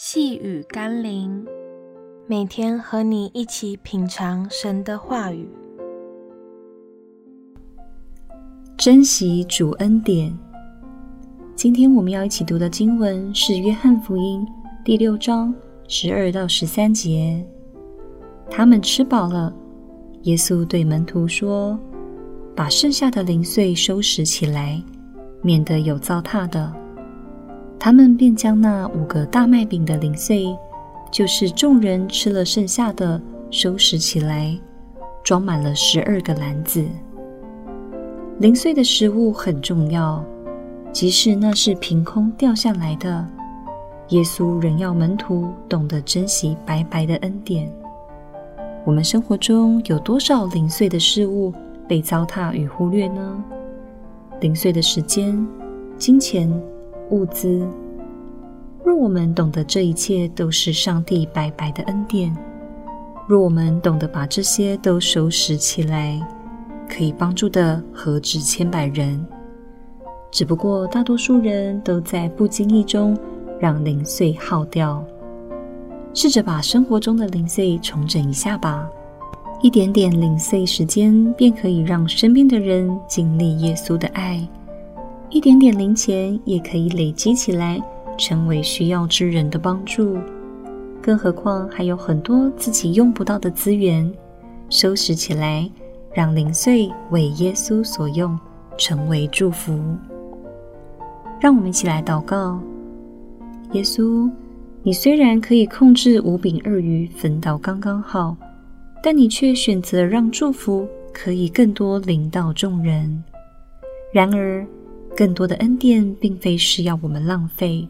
細語甘霖，每天和你一起品嚐神的話語，珍惜主恩典。今天我們要一起讀的經文是《約翰福音》第六章十二到十三節。他們吃飽了，耶穌對門徒說：“把剩下的零碎收拾起來，免得有糟蹋的。”他們便將那五個大麥餅的零碎，就是眾人吃了剩下的，收拾起來，裝滿了十二個籃子。零碎的食物很重要，即使那是憑空掉下來的，耶穌仍要門徒懂得珍惜白白的恩典。我們生活中有多少零碎的事物被糟蹋與忽略呢？零碎的時間、金錢。物資。若我們懂得這一切都是上帝白白的恩典，若我們懂得把這些都收拾起來，可以幫助的何止千百人？只不過大多數人都在不經意中讓零碎耗掉。試着把生活中的零碎重整一下吧，一點點零碎時間便可以讓身邊的人經歷耶穌的愛。一點點零錢也可以累積起來，成為需要之人的幫助。更何況還有很多自己用不到的資源，收拾起來，讓零碎為耶穌所用，成為祝福。讓我們一起來禱告：耶穌，你雖然可以控制五餅二魚分到剛剛好，但你卻選擇讓祝福可以更多臨到眾人。然而。更多的恩典，並非是要我們浪費，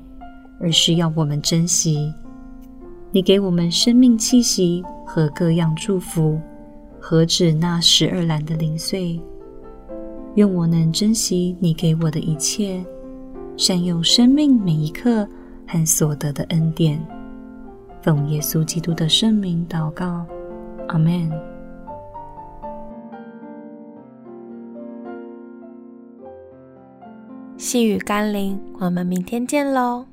而是要我們珍惜。你給我們生命氣息和各樣祝福，何止那十二籃的零碎？願我能珍惜你給我的一切，善用生命每一刻和所得的恩典。奉耶穌基督的聖名禱告，阿門。細語甘霖，我們明天見嘍。